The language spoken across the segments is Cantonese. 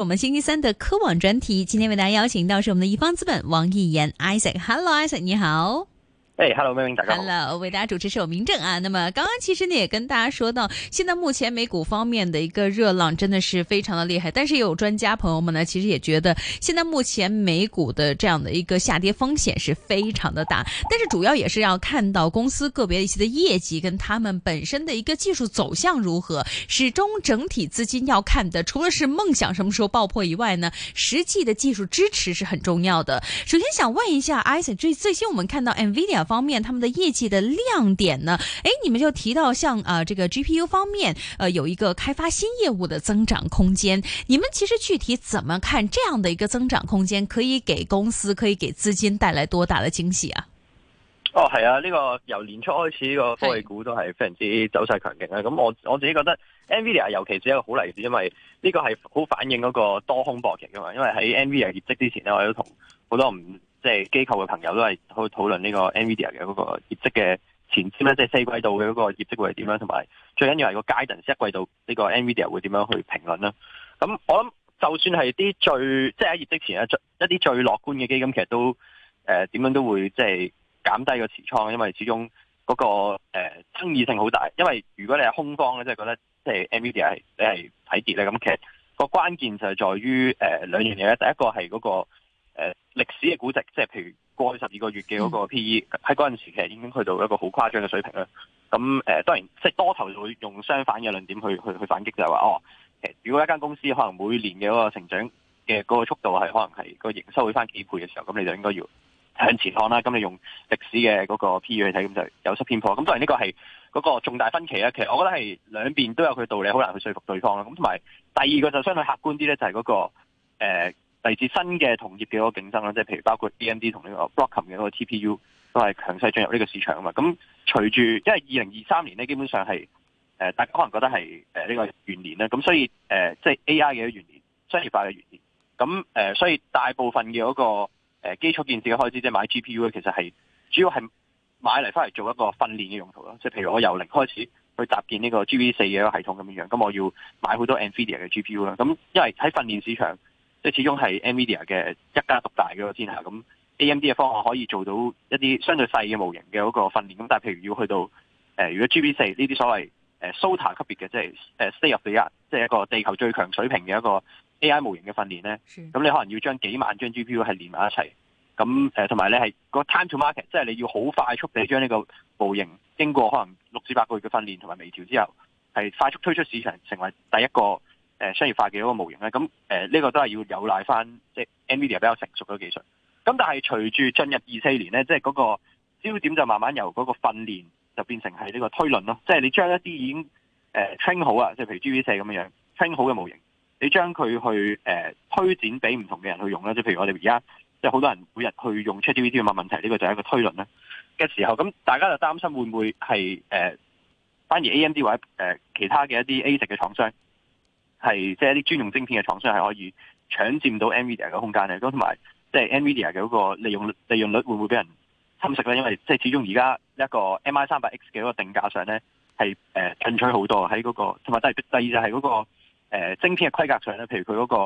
我們星期三的科網專題，今天為大家邀請到是我們的一方資本王逸研 Isaac。Hello Isaac，你好。哎、hey，hello，妹妹大家！hello，好。為大家主持是我明正啊。那麼剛剛其實呢也跟大家說到，現在目前美股方面的一個熱浪真的是非常的厲害，但是也有專家朋友們呢其實也覺得現在目前美股的這樣的一個下跌風險是非常的大，但是主要也是要看到公司個別的一些的業績跟他們本身的一個技術走向如何。始終整體資金要看的，除了是夢想什麼時候爆破以外呢，實際的技術支持是很重要的。首先想問一下，i 艾森，最最新我們看到 NVIDIA。方面，他們的業績的亮點呢？誒、欸，你們就提到像啊、呃，這個 GPU 方面，呃，有一個開發新業務的增長空間。你們其實具體怎麼看這樣的一個增長空間，可以給公司可以給資金帶來多大的驚喜啊？哦，係啊，呢、這個由年初開始呢個科技股都係非常之走勢強勁啊。咁是我我自己覺得 NVIDIA 尤其是一個好例子，因為呢個係好反映嗰個多空博弈噶嘛。因為喺 NVIDIA 業績之前咧，我都同好多唔。即係機構嘅朋友都係去討論呢個 NVIDIA 嘅嗰個業績嘅前瞻，咧，即係四季度嘅嗰個業績會點樣，同埋最緊要係個階段，一季度呢、這個 NVIDIA 會點樣去評論咧。咁我諗就算係啲最即係喺業績前咧，一啲最樂觀嘅基金其實都誒點、呃、樣都會即係、就是、減低個持倉，因為始終嗰、那個誒、呃、爭議性好大。因為如果你係空方咧，即、就、係、是、覺得即係 NVIDIA 你係睇跌咧，咁其實個關鍵就係在於誒、呃、兩樣嘢咧。第一個係嗰、那個，誒歷史嘅估值，即係譬如過去十二個月嘅嗰個 PE，喺嗰陣時其實已經去到一個好誇張嘅水平啦。咁誒、呃、當然，即係多頭就會用相反嘅論點去去去反擊，就係、是、話哦，呃、如果一間公司可能每年嘅嗰個成長嘅嗰個速度係可能係個營收會翻幾倍嘅時候，咁你就應該要向前看啦。咁你用歷史嘅嗰個 PE 去睇，咁就有失偏頗。咁當然呢個係嗰個重大分歧啦。其實我覺得係兩邊都有佢道理，好難去說服對方啦。咁同埋第二個就相對客觀啲咧，就係、是、嗰、那個、呃嚟自新嘅同業嘅嗰個競爭啦，即係譬如包括 AMD 同呢個 Broadcom 嘅嗰個 TPU 都係強勢進入呢個市場啊嘛。咁隨住，因為二零二三年咧，基本上係、呃、大家可能覺得係呢、呃這個元年啦，咁所以誒即係 AI 嘅元年、商業化嘅元年。咁誒、呃，所以大部分嘅嗰、那個、呃、基礎建設嘅開支，即、就、係、是、買 GPU 咧，其實係主要係買嚟翻嚟做一個訓練嘅用途咯。即、就、係、是、譬如我由零開始去搭建呢個 GPU 四嘅系統咁樣，咁我要買好多 NVIDIA 嘅 GPU 啦。咁因為喺訓練市場。即係始終係 NVIDIA 嘅一家獨大嘅個天下，咁 AMD 嘅方案可以做到一啲相對細嘅模型嘅嗰個訓練。咁但係譬如要去到、呃、如果 GP4 呢啲所謂 SOTA 級別嘅，即係誒 state of the art，即係一個地球最強水平嘅一個 AI 模型嘅訓練咧，咁的你可能要將幾萬張 GPU 係連埋一齊。咁誒同埋咧係個 time to market，即係你要好快速地將呢個模型經過可能六至八個月嘅訓練同埋微調之後，係快速推出市場，成為第一個。誒商業化嘅嗰個模型咧，咁誒呢個都係要有賴翻即係 NVIDIA 比較成熟嘅技術。咁但係隨住進入二四年咧，即係嗰個焦點就慢慢由嗰個訓練就變成係呢個推論咯。即係你將一啲已經誒 train 好啊，即係譬如 GPT 四咁樣樣 train 好嘅模型，你將佢去誒推展俾唔同嘅人去用啦。即係譬如我哋而家即係好多人每日去用 ChatGPT 問問題，呢個就係一個推論咧嘅時候，咁大家就擔心會唔會係誒、呃、反而 AMD 或者其他嘅一啲 AI 嘅廠商？係即係一啲專用晶片嘅廠商係可以搶佔到 NVIDIA 嘅空間嘅，咁同埋即係 NVIDIA 嘅嗰個利用利用率會唔會俾人侵蝕咧？因為即係始終而家一個 MI 三百 X 嘅嗰個定價上咧係誒進取好多喺嗰、那個，同埋都係第二就係嗰、那個、呃、晶片嘅規格上咧，譬如佢嗰個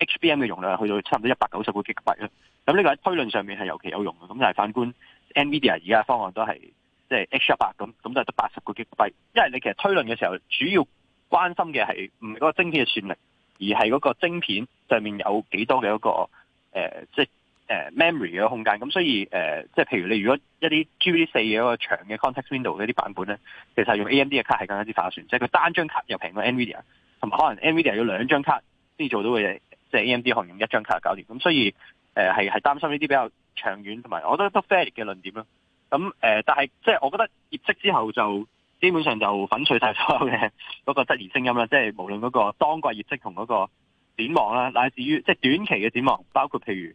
HBM 嘅容量去到差唔多一百九十個 GB 啦。咁呢個喺推論上面係尤其有用嘅。咁但係反觀 NVIDIA 而家嘅方案都係即係 H 一百咁，咁都係得八十個 GB。因為你其實推論嘅時候主要。關心嘅係唔係嗰個晶片嘅算力，而係嗰個晶片上面有幾多嘅嗰、那個誒，即、呃就是呃、memory 嘅空間。咁所以誒，即、呃、係、就是、譬如你如果一啲 G V 四嘅嗰個長嘅 context window 嗰啲版本咧，其實用 A.M.D. 嘅卡係更加之化算，即係佢單張卡又平過 N.V.I.D.I.A.，同埋可能 N.V.I.D.I.A. 要兩張卡先做到嘅嘢，即、就、係、是、A.M.D. 可以用一張卡搞掂。咁所以誒係係擔心呢啲比較長遠同埋，我覺得都都 fair 嘅論點咯。咁誒、呃，但係即係我覺得業績之後就。基本上就粉碎晒所有嘅嗰個質疑聲音啦，即係無論嗰個當季業績同嗰個展望啦，乃至於即係短期嘅展望，包括譬如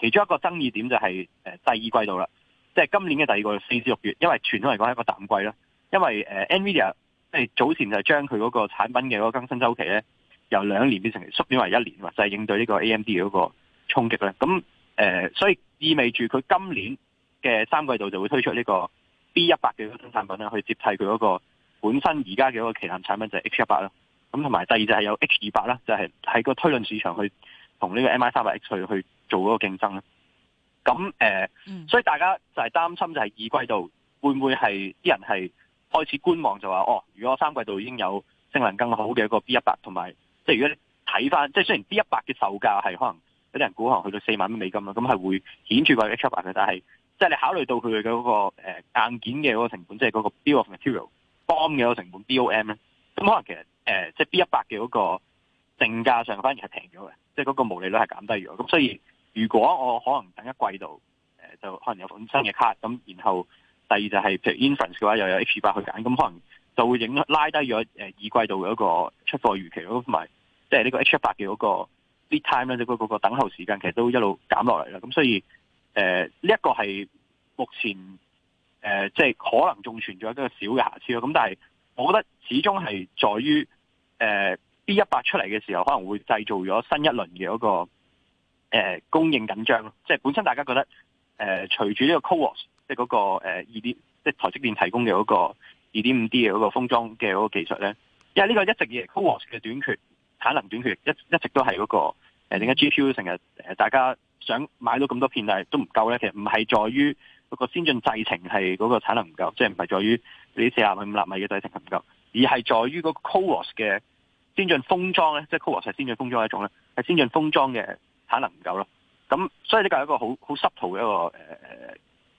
其中一個爭議點就係呃第二季度啦，即係今年嘅第二個四至六月，因為傳統嚟講係一個淡季啦，因為呃 Nvidia 即係早前就將佢嗰個產品嘅嗰個更新周期咧由兩年變成縮短為一年啊，就係應對呢個 AMD 嗰個衝擊咧。咁誒，所以意味住佢今年嘅三季度就會推出呢個。B 一百嘅嗰產品咧，去接替佢嗰個本身而家嘅一個旗艦產品就係 H 一百啦。咁同埋第二就係有 H 二百啦，就係、是、喺個推論市場去同呢個 M I 三百 X 去去做嗰個競爭啦。咁誒，呃嗯、所以大家就係擔心就係二季度會唔會係啲人係開始觀望就話哦，如果三季度已經有性能更好嘅一個 B 一百，同埋即係如果你睇翻，即係雖然 B 一百嘅售價係可能有啲人估可能去到四萬蚊美金啦，咁係會顯著個 H 一百嘅，但係。即係你考慮到佢嘅嗰個硬件嘅嗰個成本，即係嗰個 bill of material bom 嘅嗰個成本 bom 咧，咁可能其實誒即係 B 一百嘅嗰個定價上反而係平咗嘅，即係嗰個毛利率係減低咗。咁所以如果我可能等一季度誒、呃、就可能有本新嘅卡，咁然後第二就係、是、譬如 inference 嘅話又有 H 八去揀，咁可能就會影拉低咗二季度嗰個出貨預期，咁同埋即係呢個 H 一百嘅嗰個 lead time 咧，即嗰個等候時間其實都一路減落嚟啦。咁所以。誒，呢一、呃這個係目前誒，即、呃、係、就是、可能仲存在一個小嘅瑕疵咯。咁但係我覺得始終係在於誒、呃、B 一百出嚟嘅時候，可能會製造咗新一輪嘅一個誒、呃、供應緊張咯。即、就、係、是、本身大家覺得誒，隨住呢個 CoWoS 即係嗰個誒二點即係台積電提供嘅嗰個二點五 D 嘅嗰個封裝嘅嗰個技術咧，因為呢個一直以嚟 CoWoS 嘅短缺產能短缺一一直都係嗰、那個。誒點解 GPU 成日大家想買到咁多片，但係都唔夠咧？其實唔係在於嗰個先進製程係嗰個產能唔夠，即係唔係在於你四納米五納米嘅製程係唔夠，而係在於個 CoWoS 嘅先進封裝咧，即係 CoWoS 係先進封裝一種咧，係先進封裝嘅產能唔夠咯。咁所以呢個係一個好好濕套嘅一個誒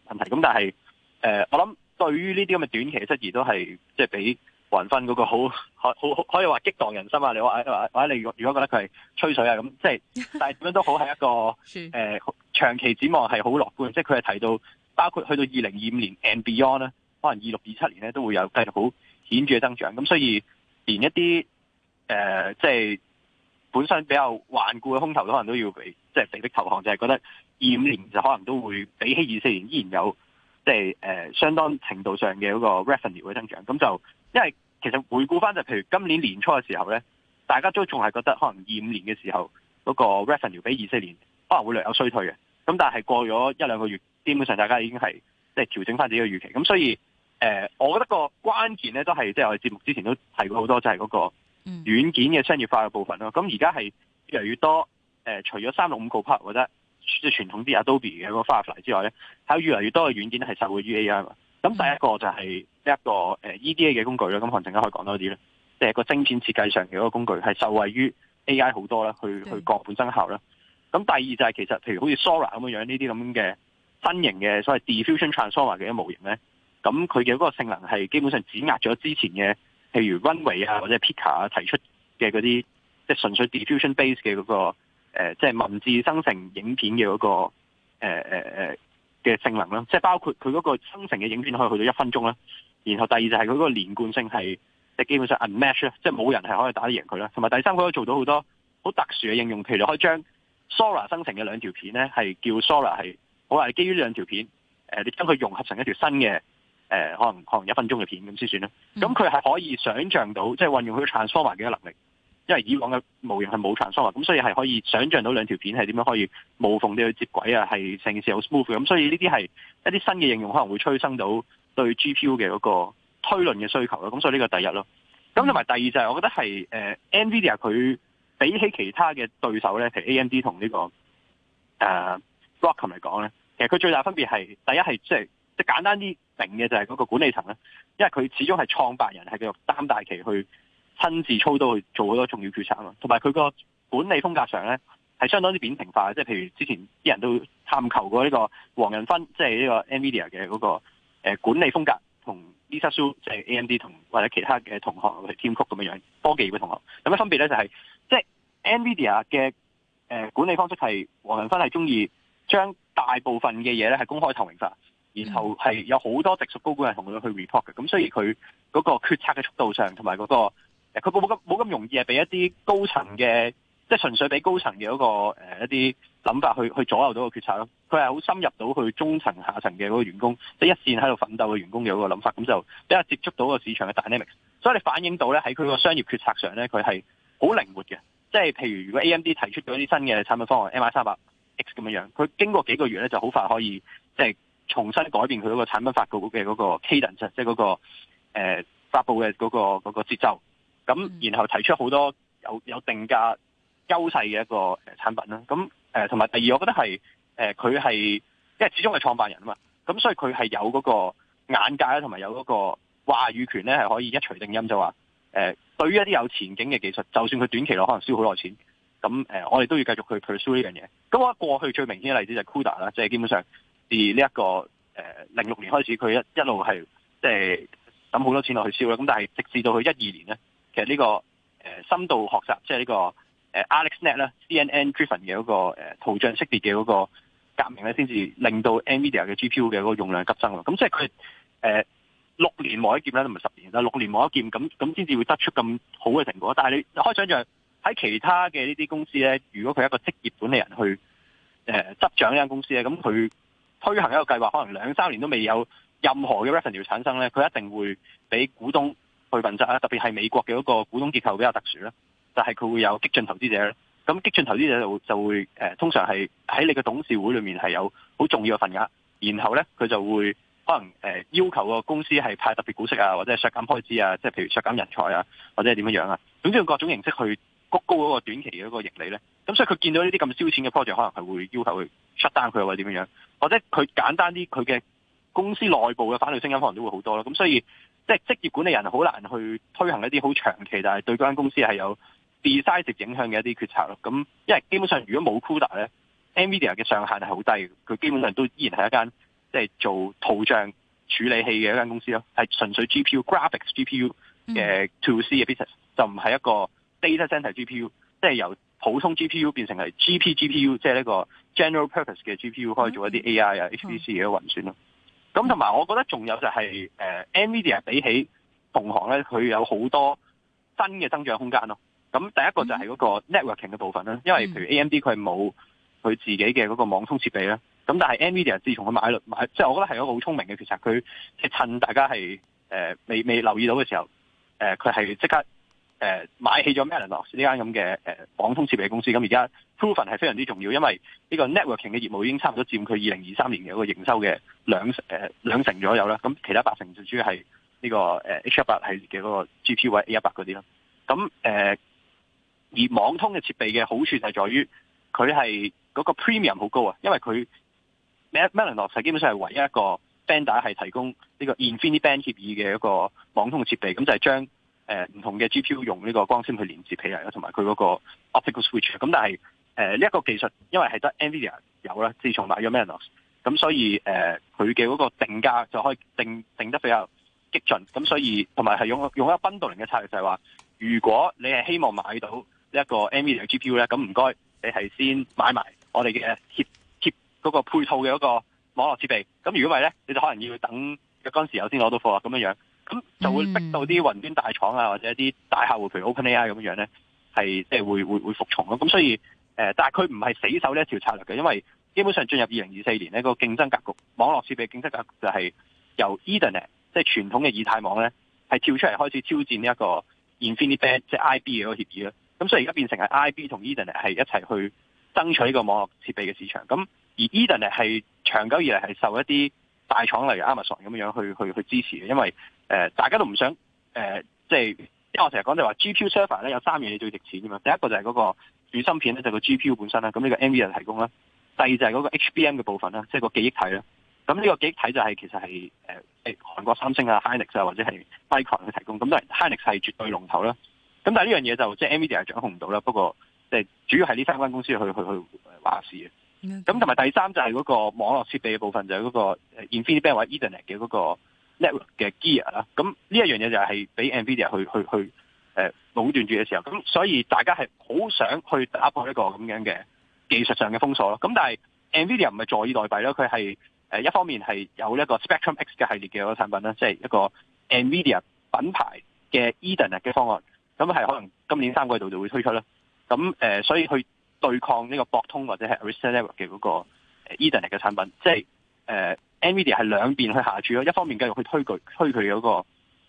問題。咁但係誒、呃、我諗對於呢啲咁嘅短期質疑都係即係俾。就是比還芬嗰個好可好可以話激盪人心啊！你話或者你如果覺得佢係吹水啊咁，即係、就是、但係點樣都好係一個誒、 呃、長期展望係好樂觀，即係佢係提到包括去到二零二五年 and beyond 咧，可能二六二七年咧都會有繼續好顯著嘅增長。咁所以連一啲誒即係本身比較頑固嘅空頭，都可能都要俾即係被迫投降，就係、是、覺得二五年就可能都會比起二四年依然有即係、就是呃、相當程度上嘅嗰個 revenue 嘅增長，咁就。因為其實回顧翻就譬如今年年初嘅時候呢，大家都仲係覺得可能二五年嘅時候嗰、那個 Revenue 比二四年可能、啊、會略有衰退嘅，咁但係過咗一兩個月，基本上大家已經係即係調整翻自己嘅預期。咁所以誒、呃，我覺得個關鍵呢，都係即係我哋節目之前都提過好多，就係、是、嗰個軟件嘅商業化嘅部分咯。咁而家係越嚟越多誒、呃，除咗三六五個 part，或者傳即係傳統啲 Adobe 嘅個 Firefly 之外呢，係越嚟越多嘅軟件咧係受惠於 AI 嘛。咁、嗯、第一個就係呢一個 EDA 嘅工具啦，咁可能陣間可以講多啲咧，即、就、係、是、個晶片設計上嘅嗰個工具係受惠於 AI 好多啦，去對去降本增效啦。咁第二就係其實，譬如好似 Sora 咁樣樣，呢啲咁嘅新型嘅所謂 diffusion transformer 嘅模型咧，咁佢嘅嗰個性能係基本上指壓咗之前嘅，譬如 Runway 啊或者 Pika 啊提出嘅嗰啲即係純粹 diffusion base 嘅嗰、那個即係、呃就是、文字生成影片嘅嗰、那個、呃呃嘅性能啦，即係包括佢嗰個生成嘅影片可以去到一分鐘啦。然後第二就係佢嗰個連貫性係即係基本上 unmatched 啦，即係冇人係可以打得贏佢啦。同埋第三佢可以做到好多好特殊嘅應用，譬如可以將 Sora 生成嘅兩條片咧，係叫 Sora 係好你基於呢兩條片，誒、呃、你將佢融合成一條新嘅，誒、呃、可能可能一分鐘嘅片咁先算啦。咁佢係可以想象到即係運用佢 transformer 嘅能力。因為以往嘅模型係冇場所啊，咁所以係可以想像到兩條片係點樣可以無縫地去接軌啊，係成件事好 smooth 咁，所以呢啲係一啲新嘅應用可能會催生到對 GPU 嘅嗰個推論嘅需求咯，咁所以呢個第一咯。咁同埋第二就係我覺得係誒 NVIDIA 佢比起其他嘅對手咧，譬如 AMD 同、這個呃、呢個誒 Broadcom 嚟講咧，其實佢最大分別係第一係即係即係簡單啲明嘅就係嗰個管理層咧，因為佢始終係創辦人係繼續擔大旗去。親自操刀去做好多重要決策啊，同埋佢個管理風格上咧係相當之扁平化即係譬如之前啲人都探求過呢個黃仁勳，即係呢個 NVIDIA 嘅嗰個管理風格同 Lisa Su 即係 AMD 同或者其他嘅同學去填曲咁樣科技嘅同學，咁樣有咩分別咧就係、是、即係、就是、NVIDIA 嘅管理方式係黃仁勳係中意將大部分嘅嘢咧係公開透明化，然後係有好多直屬高管係同佢去 report 嘅，咁所以佢嗰個決策嘅速度上同埋嗰個。佢冇冇咁冇咁容易啊！俾一啲高層嘅，嗯、即係純粹俾高層嘅嗰、那個、呃、一啲諗法去去左右到個決策咯。佢係好深入到去中層下層嘅嗰個員工，即、就、係、是、一線喺度奮鬥嘅員工嘅嗰個諗法，咁就比較接觸到個市場嘅 dynamics。所以你反映到咧，喺佢個商業決策上咧，佢係好靈活嘅。即係譬如，如果 AMD 提出咗一啲新嘅產品方案，MI 三百 X 咁樣樣，佢經過幾個月咧，就好快可以即係重新改變佢嗰個產品發佈嘅嗰個 cadence，即嗰、那個、呃、發布嘅嗰、那個那個節奏。咁，然後提出好多有有定價優勢嘅一個產品啦。咁誒，同、呃、埋第二，我覺得係誒，佢係因為始終係創辦人啊嘛。咁所以佢係有嗰個眼界啦，同埋有嗰個話語權咧，係可以一錘定音就，就話誒，對於一啲有前景嘅技術，就算佢短期內可能燒好多錢，咁誒、呃，我哋都要繼續去 pursue 呢樣嘢。咁我過去最明顯嘅例子就係 CUDA 啦，即係基本上自呢、這、一個誒零六年開始，佢一一路係即係抌好多錢落去燒啦。咁但係直至到佢一二年咧。其實呢個誒深度學習，即係呢個誒 AlexNet 咧 CNN driven 嘅嗰個誒圖像識別嘅嗰個革命咧，先至令到 NVIDIA 嘅 GPU 嘅嗰個用量急增。咁即係佢誒六年磨一劍咧，都唔係十年啦。六年磨一劍咁咁先至會得出咁好嘅成果。但係你開想像喺其他嘅呢啲公司咧，如果佢係一個職業管理人去誒、呃、執掌呢間公司咧，咁佢推行一個計劃，可能兩三年都未有任何嘅 revenue 產生咧，佢一定會俾股東。去問責啦，特別係美國嘅嗰個股東結構比較特殊啦，就係、是、佢會有激進投資者，咁激進投資者就會就會誒、呃，通常係喺你嘅董事會裏面係有好重要嘅份額。然後咧，佢就會可能誒、呃、要求個公司係派特別股息啊，或者係削減開支啊，即係譬如削減人才啊，或者係點樣樣啊，總之用各種形式去谷高嗰個短期嘅一個盈利咧。咁所以佢見到呢啲咁燒錢嘅 project，可能係會要求佢 shut down 佢，或者點樣樣，或者佢簡單啲，佢嘅公司內部嘅反對聲音可能都會好多啦。咁所以。即係職業管理人好難去推行一啲好長期，但係對嗰間公司係有 decisive 影響嘅一啲決策咯。咁因為基本上如果冇 CUDA 咧，Nvidia 嘅上限係好低嘅，佢基本上都依然係一間即係做圖像處理器嘅一間公司咯，係純粹 GPU, Graph GPU graphics GPU 嘅 to C 嘅 business，就唔係一個 data center GPU，即係由普通 GPU 變成係 GP GPU，即係呢個 general purpose 嘅 GPU 可以做一啲 AI 啊 HPC 嘅運算咯。咁同埋，我覺得仲有就係誒，NVIDIA 比起同行咧，佢有好多新嘅增長空間咯。咁第一個就係嗰個 networking 嘅部分啦，因為譬如 AMD 佢冇佢自己嘅嗰個網通設備啦。咁但係 NVIDIA 自從佢買落買，即係我覺得係一個好聰明嘅決策，佢即係趁大家係誒、呃、未未留意到嘅時候，誒佢係即刻。誒買起咗 Mellanox 呢間咁嘅誒網通設備公司，咁而家 proven 係非常之重要，因為呢個 networking 嘅業務已經差唔多佔佢二零二三年嘅一個營收嘅兩成誒、呃、兩成左右啦。咁其他八成就主要係呢個誒 H 一百係嘅嗰個 GPU 或 A 一百嗰啲咯。咁誒、呃、而網通嘅設備嘅好處就係在於佢係嗰個 premium 好高啊，因為佢 Mellanox 係基本上係唯一一個 band 架係提供呢個 InfiniBand 協議嘅一個網通設備，咁就係將。誒唔、呃、同嘅 GPU 用呢個光纖去連接起嚟啦，同埋佢嗰個 optical switch。咁但係誒呢一個技術，因為係得 Nvidia 有啦，自從買咗 Mellanox 咁所以誒佢嘅嗰個定價就可以定定得比較激進。咁所以同埋係用用一個 Bundle 嘅策略就，就係話如果你係希望買到呢一個 Nvidia GPU 咧，咁唔該你係先買埋我哋嘅協協嗰個配套嘅嗰個網絡設備。咁如果唔係咧，你就可能要等嗰陣時候先攞到貨啊，咁樣樣。咁就會逼到啲雲端大廠啊，或者啲大客戶，譬如 OpenAI 咁樣咧，係即係會會會服從咯。咁所以誒、呃，但係佢唔係死守呢一條策略嘅，因為基本上進入二零二四年咧，個競爭格局網絡設備競爭格局就係由 Ethernet，即係傳統嘅以太網咧，係跳出嚟開始挑戰呢一個 InfiniBand 即係 IB 嘅個協議啦。咁所以而家變成係 IB 同 Ethernet 係一齊去爭取呢個網絡設備嘅市場。咁而 Ethernet 係長久以嚟係受一啲大廠例如 Amazon 咁樣去去去支持嘅，因為誒，大家都唔想誒，即係，因為我成日講就話 GPU server 咧有三樣嘢最值錢嘅嘛。第一個就係嗰個主芯片咧，就係個 GPU 本身啦。咁呢個 NVIDIA 係提供啦。第二就係嗰個 HBM 嘅部分啦，即係個記憶體啦。咁呢個記憶體就係其實係誒，誒韓國三星啊、Hynix 啊或者係 Micron 去提供。咁當然 Hynix 係絕對龍頭啦。咁但係呢樣嘢就即係 NVIDIA 係掌控唔到啦。不過即係主要係呢三間公司去去去話事嘅。咁同埋第三就係嗰個網絡設備嘅部分，就係嗰個 InfiniBand 或者 Ethernet 嘅嗰個嘅 gear 啦，咁呢一樣嘢就係俾 NVIDIA 去去去誒壟斷住嘅時候，咁所以大家係好想去打破一個咁樣嘅技術上嘅封鎖咯。咁但係 NVIDIA 唔係坐以待斃咯，佢係、呃、一方面係有一個 Spectrum X 嘅系列嘅產品啦，即係一個 NVIDIA 品牌嘅 Ethernet 嘅方案，咁係可能今年三季度就會推出啦。咁誒、呃，所以去對抗呢個博通或者係 Arista Level 嘅嗰個 Ethernet 嘅產品，即係誒。呃 Nvidia 係兩邊去下注咯，一方面繼續去推佢推佢嗰、那個、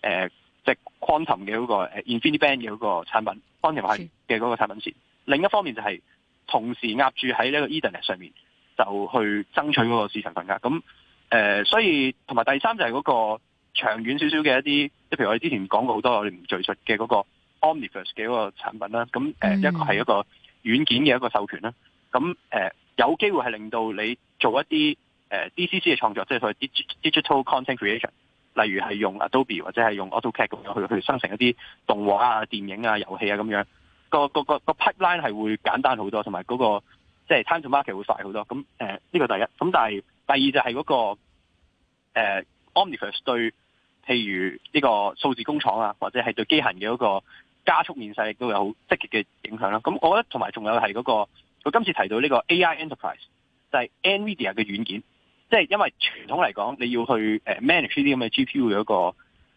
呃、即係 Quantum 嘅嗰、那個呃、Infinity Band 嘅嗰個產品 Quantum 係嘅嗰個產品線，另一方面就係同時壓住喺呢個 Ethernet 上面，就去爭取嗰個市場份額。咁誒、呃，所以同埋第三就係嗰個長遠少少嘅一啲，即譬如我哋之前講過好多，我哋唔敍述嘅嗰個 Omniverse 嘅嗰個產品啦。咁、呃嗯、一個係一個軟件嘅一個授權啦。咁誒、呃，有機會係令到你做一啲。Uh, D.C.C 嘅創作，即係佢 digital content creation，例如係用 Adobe 或者係用 AutoCAD 咁樣去去生成一啲動畫啊、電影啊、遊戲啊咁樣，嗰個、嗰個 pipeline 係會簡單好多，同埋嗰個即係、嗰個就係、time to market 會快好多。咁呢、呃呢個第一。咁但係第二就係嗰、嗰個、呃、Omniverse 對譬如呢個數字工廠啊，或者係對機械嘅嗰個加速面世，亦都有好積極嘅影響啦、啊。咁我覺得同埋仲有係嗰、嗰個佢今次提到呢個 A.I. enterprise 就係 Nvidia 嘅軟件。即係因為傳統嚟講，你要去誒 manage 啲咁嘅 GPU 嗰個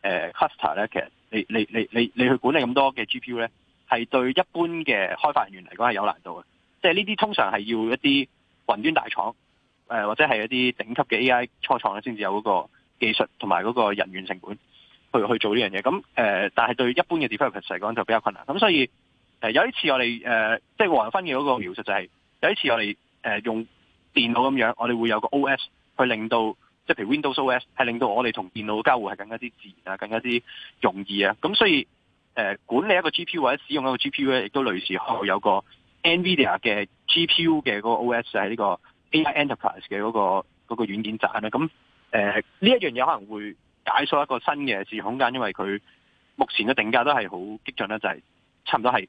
誒 cluster 咧，其實你你你你你去管理咁多嘅 GPU 咧，係對一般嘅開發人員嚟講係有難度嘅。即係呢啲通常係要一啲雲端大廠誒，或者係一啲頂級嘅 AI 初創咧，先至有嗰個技術同埋嗰個人員成本去去做呢樣嘢。咁誒、呃，但係對一般嘅 developers 嚟講就比較困難。咁所以誒有一次我哋誒、呃，即係黃芬嘅嗰個描述就係、是、有一次我哋誒用電腦咁樣，我哋會有個 OS。去令到即係譬如 Windows OS 係令到我哋同電腦嘅交互係更加之自然啊，更加之容易啊。咁所以誒、呃、管理一個 GPU 或者使用一個 GPU 咧，亦都類似後有個 NVIDIA 嘅 GPU 嘅嗰個 OS 就係呢個 AI Enterprise 嘅嗰、那個嗰、那個、軟件站咧。咁誒呢一樣嘢可能會解鎖一個新嘅市場空間，因為佢目前嘅定價都係好激進啦，就係、是、差唔多係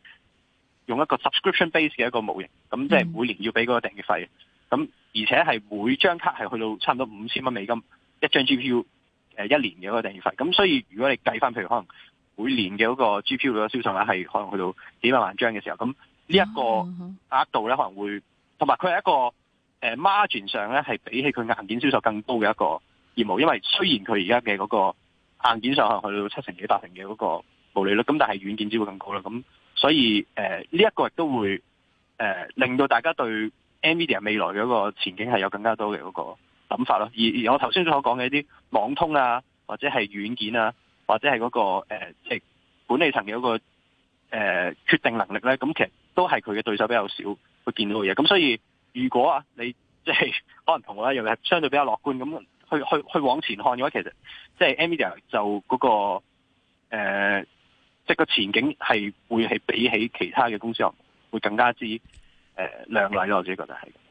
用一個 subscription base 嘅一個模型，咁即係每年要俾嗰個訂閱費。嗯咁、嗯、而且係每張卡係去到差唔多五千蚊美金一張 G P U 誒一年嘅嗰個訂閱費，咁所以如果你計翻，譬如可能每年嘅嗰個 G P U 嘅銷售量係可能去到幾百萬張嘅時候，咁呢一個額度咧可能會同埋佢係一個誒、呃、margin 上咧係比起佢硬件銷售更高嘅一個業務，因為雖然佢而家嘅嗰個硬件上可能去到七成幾八成嘅嗰個毛利率，咁但係軟件只會更高啦，咁所以誒呢一個亦都會誒、呃、令到大家對。Nvidia 未來嗰個前景係有更加多嘅嗰個諗法咯，而而我頭先所講嘅一啲網通啊，或者係軟件啊，或者係嗰、那個誒，即、呃、係管理層嘅嗰個誒、呃、決定能力呢，咁其實都係佢嘅對手比較少會見到嘅嘢。咁所以如果啊，你即係可能同我咧又係相對比較樂觀，咁去去去往前看嘅話，其實即係 Nvidia 就嗰、那個誒，即、呃、係、就是、個前景係會係比起其他嘅公司啊，會更加之。誒兩位咯，我自己覺得係。涼涼。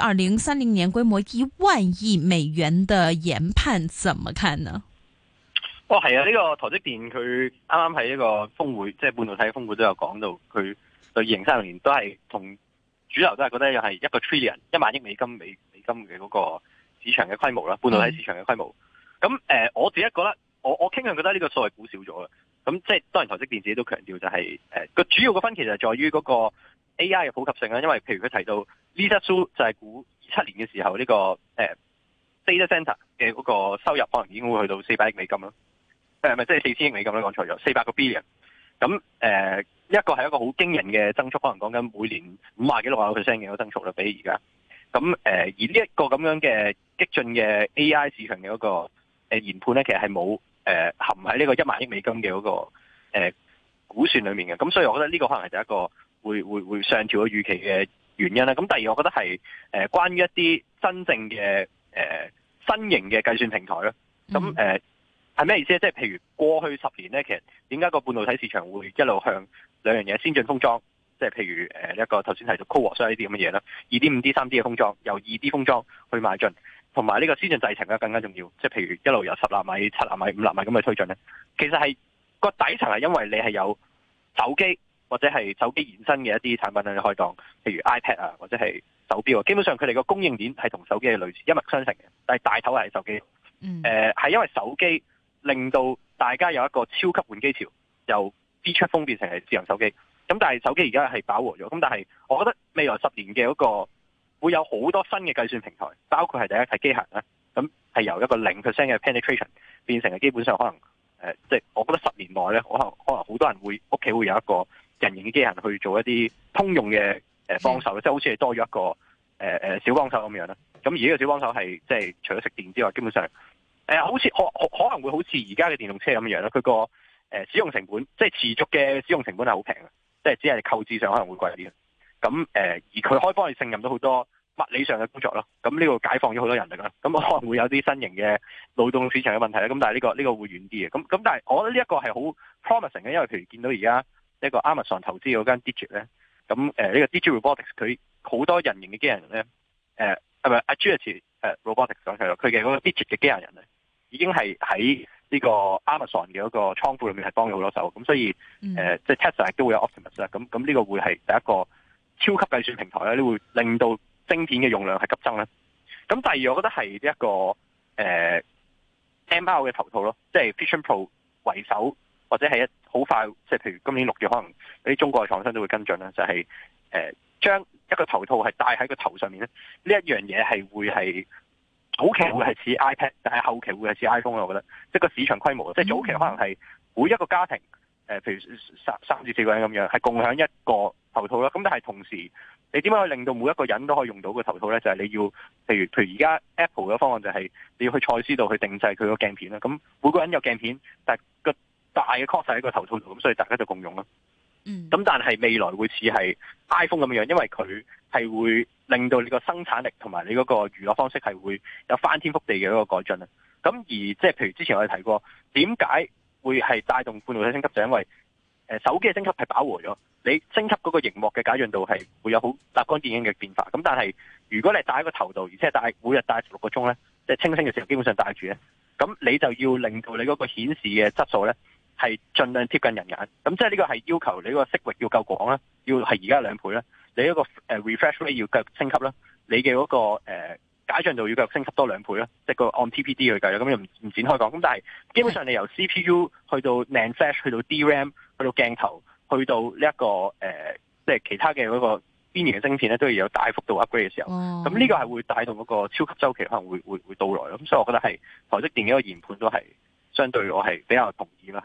二零三零年規模一萬億美元嘅研判，怎麼看呢？哦，係啊，呢、這個台積電佢啱啱喺一個峰會，即係半導體的峰會都有講到，佢對二零三零年都係同主流都係覺得又係一個 trillion 一萬億美金美美金嘅嗰個市場嘅規模啦，半導體市場嘅規模。咁誒、嗯嗯呃，我自己覺得，我我傾向覺得呢個數係估少咗啦。咁、嗯、即係當然台積電自己都強調就係誒個主要嘅分歧就係在於嗰、那個。A.I. 嘅普及性啦，因為譬如佢提到，Lisa Su 就係估二七年嘅時候呢個誒 data center 嘅嗰個收入，可能已經會去到四百億美金咯。誒唔係即係四千億美金啦，講錯咗，四百個 billion。咁、呃、誒一個係一個好驚人嘅增速，可能講緊每年五萬幾六萬個 percent 嘅增速啦，比、呃、而家。咁誒而呢一個咁樣嘅激進嘅 A.I. 市場嘅嗰個研判咧，其實係冇誒含喺呢個一萬億美金嘅嗰、那個誒、呃、估算裏面嘅。咁所以我覺得呢個可能係第一個。會會會上調嘅預期嘅原因啦。咁第二，我覺得係誒、呃、關於一啲真正嘅誒、呃、新型嘅計算平台咯。咁誒係咩意思咧？即係譬如過去十年咧，其實點解個半導體市場會一路向兩樣嘢，先進封裝，即係譬如誒一、呃這個頭先提到 CoWoS 呢啲咁嘅嘢啦，二點五 D、三 D 嘅封裝，由二 D 封裝去邁進，同埋呢個先進製程咧更加重要。即係譬如一路由十納米、七納米、五納米咁去推進咧，其實係、個底層係因為你係有手機。或者係手機延伸嘅一啲產品咧，可以當，譬如 iPad 啊，或者係手錶啊，基本上佢哋個供應鏈係同手機嘅類似，一脈相承嘅，但係大頭係手機。誒、嗯、係、呃、因為手機令到大家有一個超級換機潮，由 feature phone，變成係智能手機。咁、嗯、但係手機而家係飽和咗。咁、嗯、但係我覺得未來十年嘅嗰個會有好多新嘅計算平台，包括係第一係機械人咧。咁係由一個零 percent 嘅 penetration 變成係基本上可能誒，即、呃、係、就是、我覺得十年內咧，可能可能好多人會屋企會有一個人形機械人去做一啲通用嘅誒幫手咧，即係好似係多咗一個誒小幫手咁樣啦。咁而呢個小幫手係即係除咗食電之外，基本上誒好似可可能會好似而家嘅電動車咁樣啦。佢個誒使用成本即係持續嘅使用成本係好平嘅，即係只係購置上可能會貴啲。咁誒而佢開翻係勝任咗好多物理上嘅工作咯。咁、這、呢個解放咗好多人力啦。咁可能會有啲新型嘅勞動市場嘅問題啦。咁但係、這、呢個呢、這個會遠啲嘅。咁咁但係我覺得呢一個係好 promising 嘅，因為譬如見到而家。一個 Amazon 投資嗰間 Digit 咧，咁誒呢個 Digit Robotics 佢好多人形嘅機人咧，誒係咪 Agility Robotics 講係咯，佢嘅嗰個 Digit 嘅機人咧已經係喺呢個 Amazon 嘅嗰個倉庫裏面係幫咗好多手，咁所以誒、呃嗯、即係 test a 都會有 Optimus 啦，咁咁呢個會係第一個超級計算平台咧，呢會令到晶片嘅用量係急增咧。咁第二，我覺得係呢一個誒 N 派嘅頭套咯，即、就、係、是、f i s i o n Pro 為首。或者係一好快，即係譬如今年六月，可能啲中國嘅廠商都會跟進啦。就係、是、誒，將、呃、一個頭套係戴喺個頭上面咧，呢一樣嘢係會係早期會係似 iPad，但係後期會係似 iPhone 咯。我覺得即係個市場規模，即係早期可能係每一個家庭、呃、譬如三三至四個人咁樣，係共享一個頭套啦。咁但係同時，你點樣可以令到每一個人都可以用到個頭套咧？就係、是、你要譬如譬如而家 Apple 嘅方案就係、是、你要去蔡司度去定製佢個鏡片啦。咁每個人有鏡片，但是、那個大嘅確實喺個頭套度，咁所以大家就共用啦。嗯，咁但係未來會似係 iPhone 咁樣，因為佢係會令到你個生產力同埋你嗰個娛樂方式係會有翻天覆地嘅一個改進啊。咁而即係譬如之前我哋提過，點解會係帶動半導體升級？就因為誒手機嘅升級係飽和咗，你升級嗰個熒幕嘅解像度係會有好立竿見影嘅變化。咁但係如果你帶喺個頭度，而且帶每日帶十六個鐘咧，即係清新嘅時候基本上帶住咧，咁你就要令到你嗰個顯示嘅質素咧。係盡量貼近人眼，咁即係呢個係要求你個色域要夠廣啦，要係而家兩倍啦，你嗰個 refresh rate 要夠升級啦，你嘅嗰、那個、呃、解像度要繼續升級多兩倍啦，即、就、係、是、個按 T.P.D 去計啦，咁又唔唔展開講。咁但係基本上你由 C.P.U 去到 NAND Flash 去到 D.R.A.M 去到鏡頭，去到呢、這、一個誒，即、呃、係其他嘅嗰個邊緣嘅晶片咧，都要有大幅度 upgrade 嘅時候。咁呢、mm. 個係會帶動嗰個超級周期可能會會，會到來，咁所以我覺得係台積電嘅個個研判都係相對我係比較同意啦。